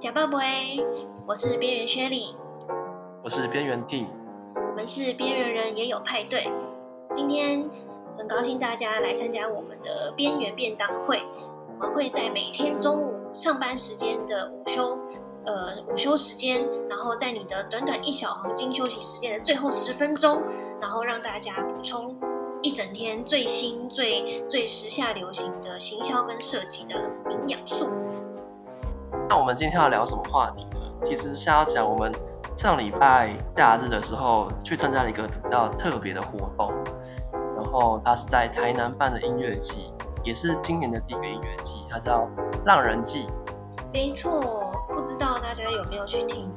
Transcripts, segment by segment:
呷霸沒，哎，我是邊緣薛莉，我是邊緣 T，我們是邊緣人，人也有派對。今天很高興大家來參加我們的邊緣便當會。我們會在每天中午上班時間的午休，呃，午休時間，然後在你的短短一小黃金休息時間的最後十分鐘，然後讓大家補充一整天最新、最最時下流行的行銷跟設計的營養素。那我們今天要聊什麼話題呢？其實是想要講我們上禮拜假日的時候去參加了一個比較特別的活動，然後它是在台南辦的音樂祭，也是今年的第一個音樂祭。它叫浪人祭。沒錯，不知道大家有沒有去聽？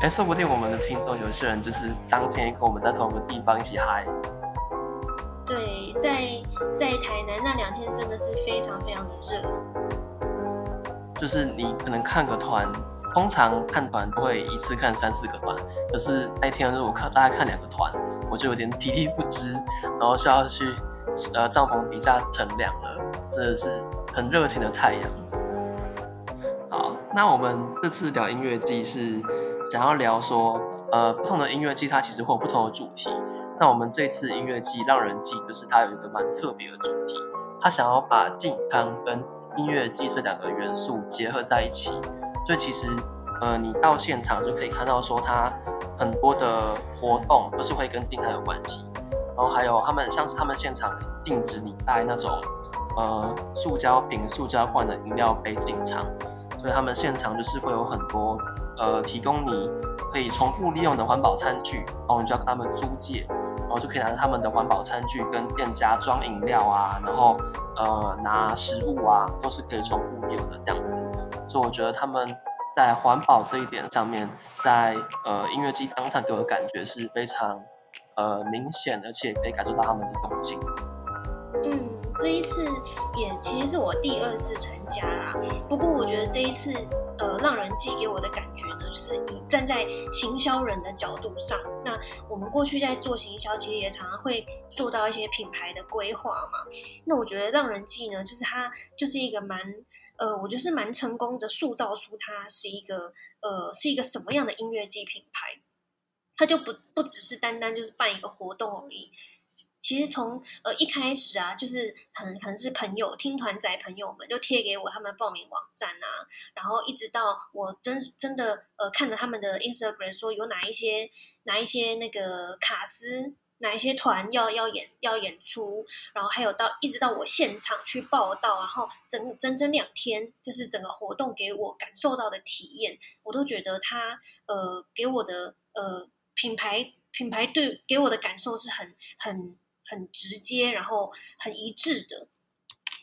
誒、欸，說不定我們的聽眾有些人就是當天跟我們在同一個地方一起嗨。對，在在台南那兩天真的是非常非常的熱。就是你可能看個團，通常看團都會一次看三四個團，可是那一天如果看大概看兩個團，我就有點體力不支，然後需要去呃帳篷底下乘涼了，真的是很熱情的太陽。好，那我們這次聊音樂祭是想要聊說，呃，不同的音樂祭它其實會有不同的主題，那我們這次音樂祭讓人記就是它有一個蠻特別的主題，它想要把健康跟音樂季這兩個元素結合在一起，所以其實，呃，你到現場就可以看到說它很多的活動都是會跟低碳有關係，然後還有他們像是他們現場禁止你帶那種呃塑膠瓶、塑膠罐的飲料杯進場，所以他們現場就是會有很多呃提供你可以重複利用的環保餐具，然後你就要跟他們租借。然後就可以拿着他們的環保餐具跟店家裝飲料啊，然後呃拿食物啊，都是可以重複用的這樣子。所以我覺得他們在環保這一點上面，在呃音樂祭當場給我的感覺是非常呃明顯，而且可以感受到他們的用心。這一次也其實是我第二次參加啦。不過我覺得這一次，呃，浪人祭給我的感覺呢，就是你站在行銷人的角度上，那我們過去在做行銷，其實也常常會做到一些品牌的規劃嘛。那我覺得浪人祭呢，就是它就是一個蠻，呃，我覺得是蠻成功的塑造出它是一個，呃，是一個什麼樣的音樂祭品牌，它就不不只是單單就是辦一個活動而已。其實從呃一開始啊，就是很可能是朋友，聽團仔朋友們就貼給我他們報名網站啊，然後一直到我真真的呃看了他們的 Instagram 說有哪一些哪一些那個卡司，哪一些團要要演要演出，然後還有到一直到我現場去報道，然後整整整兩天就是整個活動給我感受到的體驗，我都覺得他呃給我的呃品牌品牌對給我的感受是很很。很直接，然後很一致的，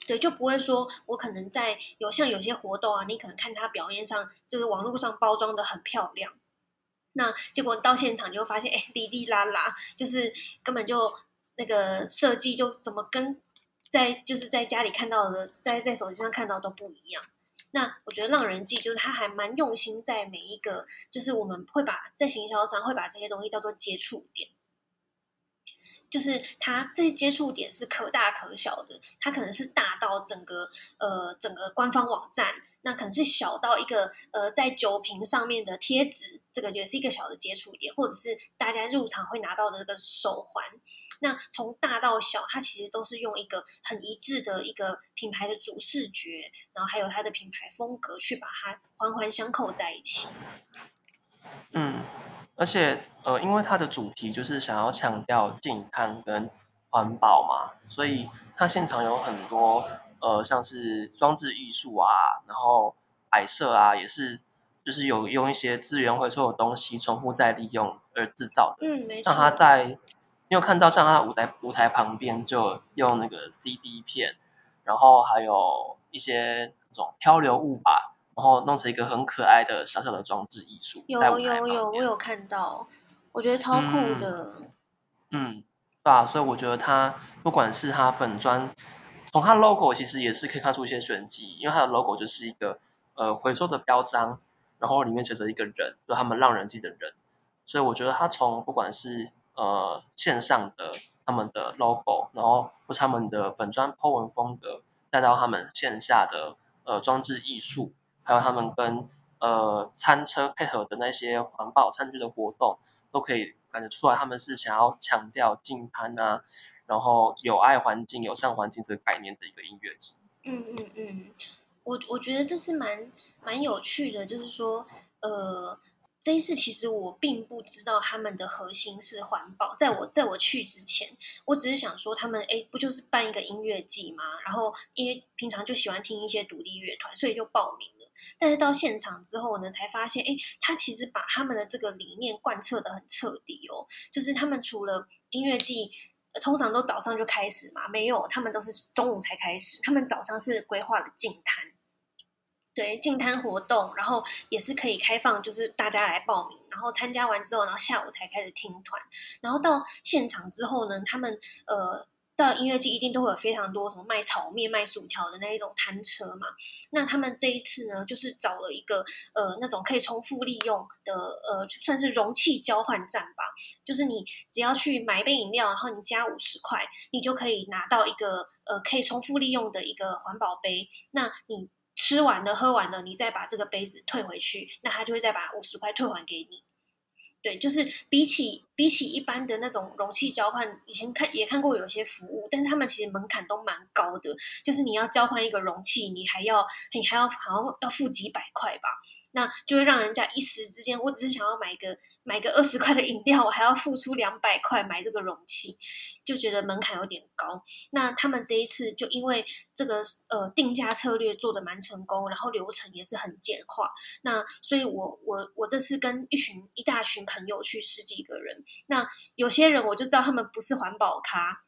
對，就不會說我可能在有像有些活動啊，你可能看他表面上就是網絡上包裝的很漂亮，那結果到現場就會發現，哎，滴滴啦啦，就是根本就那個設計就怎麼跟在就是在家裡看到的，在在手機上看到都不一樣。那我覺得浪人祭就是他還蠻用心在每一個，就是我們會把在行銷上會把這些東西叫做接觸點。就是它這些接觸點是可大可小的，它可能是大到整個呃整個官方網站，那可能是小到一個呃在酒瓶上面的貼紙，這個也是一個小的接觸點，或者是大家入場會拿到的這個手環。那從大到小，它其實都是用一個很一致的一個品牌的主視覺，然後還有它的品牌風格去把它環環相扣在一起。嗯。而且，呃，因為它的主題就是想要強調健康跟環保嘛，所以它現場有很多，呃，像是裝置藝術啊，然後擺設啊，也是就是有用一些資源回收的東西重複再利用而制造的。嗯，沒錯。像他在，你有看到像他的舞台舞台旁邊就用那個 CD 片，然後還有一些那種漂流物吧。然後弄成一個很可愛的小小的裝置藝術，有有有，我有看到，我覺得超酷的。嗯，嗯對啊，所以我覺得它不管是它粉專，從它 logo 其實也是可以看出一些玄機，因為它的 logo 就是一個呃回收的標章，然後裡面寫着一個人，就他們浪人祭的人。所以我覺得他從不管是呃線上的他們的 logo，然後或是他們的粉專 Po 文風格，再到他們線下的呃裝置藝術。還有他們跟呃餐車配合的那些環保餐具的活動，都可以感覺出來他們是想要強調淨盤啊，然後有愛環境、友善環境這個概念的一個音樂節。嗯嗯嗯，我我覺得這是蠻蠻有趣的，就是說呃。這一次其實我並不知道他們的核心是環保，在我在我去之前，我只是想說他們誒不就是辦一個音樂祭嗎？然後因為平常就喜歡聽一些獨立樂團，所以就報名了。但是到現場之後呢，才發現誒他其實把他們的這個理念貫徹的很徹底哦，就是他們除了音樂祭，呃，通常都早上就開始嘛，沒有，他們都是中午才開始，他們早上是規劃了淨灘。對，進攤活動，然後也是可以開放，就是大家來報名，然後參加完之後，然後下午才開始聽團，然後到現場之後呢，他們呃到音樂季一定都會有非常多什麼賣炒麵、賣薯條的那一種攤車嘛。那他們這一次呢，就是找了一個呃那種可以重複利用的呃就算是容器交換站吧，就是你只要去買一杯飲料，然後你加五十塊，你就可以拿到一個呃可以重複利用的一個環保杯，那你吃完了，喝完了，你再把這個杯子退回去，那他就會再把五十塊退還給你。對，就是比起比起一般的那種容器交換，以前看也看過有些服務，但是他們其實門檻都蠻高的，就是你要交換一個容器，你還要你還要好像要付幾百塊吧。那就會讓人家一時之間，我只是想要買個買個二十塊的飲料，我還要付出兩百塊買這個容器，就覺得門檻有點高。那他們這一次就因為這個呃定價策略做得蠻成功，然後流程也是很簡化。那所以我，我我我這次跟一群一大群朋友去，十幾個人，那有些人我就知道他們不是環保咖。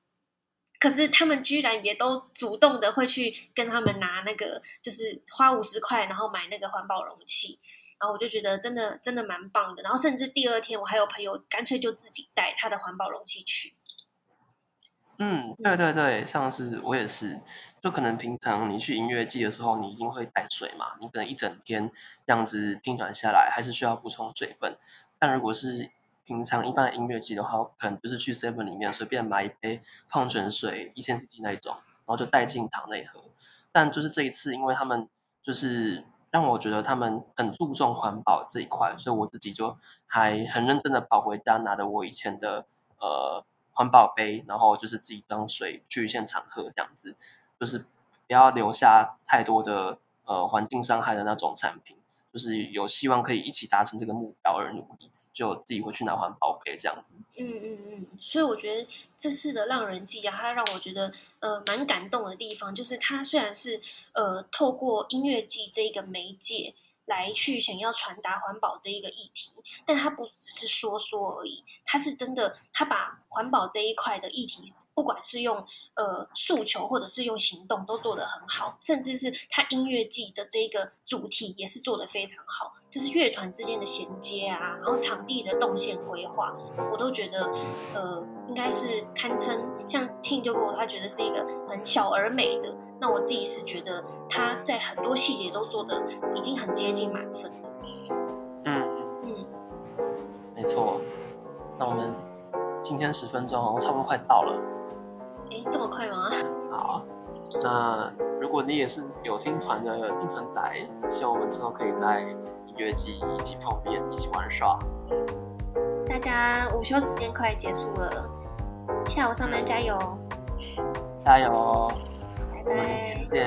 可是他們居然也都主動的會去跟他們拿那個，就是花五十塊，然後買那個環保容器，然後我就覺得真的真的蠻棒的。然後甚至第二天，我還有朋友乾脆就自己帶他的環保容器去。嗯，對對對，上次我也是，就可能平常你去音樂祭的時候，你一定會帶水嘛，你可能一整天這樣子運轉下來，還是需要補充水分。但如果是平常一般音樂季的話，我可能就是去 Seven 裡面隨便買一杯礦泉水，一千 cc 那一種，然後就帶進場內喝。但就是這一次，因為他們就是讓我覺得他們很注重環保這一塊，所以我自己就還很認真的跑回家，拿着我以前的呃環保杯，然後就是自己裝水去現場喝這樣子，就是不要留下太多的呃環境傷害的那種產品。就是有希望可以一起達成這個目標而努力，就自己會去拿環保杯這樣子。嗯嗯嗯，所以我覺得這次的浪人祭啊，他讓我覺得呃蠻感動的地方，就是他雖然是呃透過音樂祭這一個媒介來去想要傳達環保這一個議題，但他不只是說說而已，他是真的，他把環保這一塊的議題。不管是用呃訴求，或者是用行動，都做得很好。甚至是他音樂祭的這個主題也是做得非常好，就是樂團之間的銜接啊，然後場地的動線規劃，我都覺得呃應該是堪稱像聽就跟我他覺得是一個很小而美的。那我自己是覺得他在很多細節都做得已經很接近滿分了。嗯，嗯沒錯。那我們。今天十分鐘哦，我差不多快到了。哎、欸，這麼快嗎？好，那如果你也是有聽團的有聽團仔，希望我們之後可以在音樂祭一起碰面，集一起玩耍。大家午休時間快結束了，下午上班加油！加油！拜拜。我們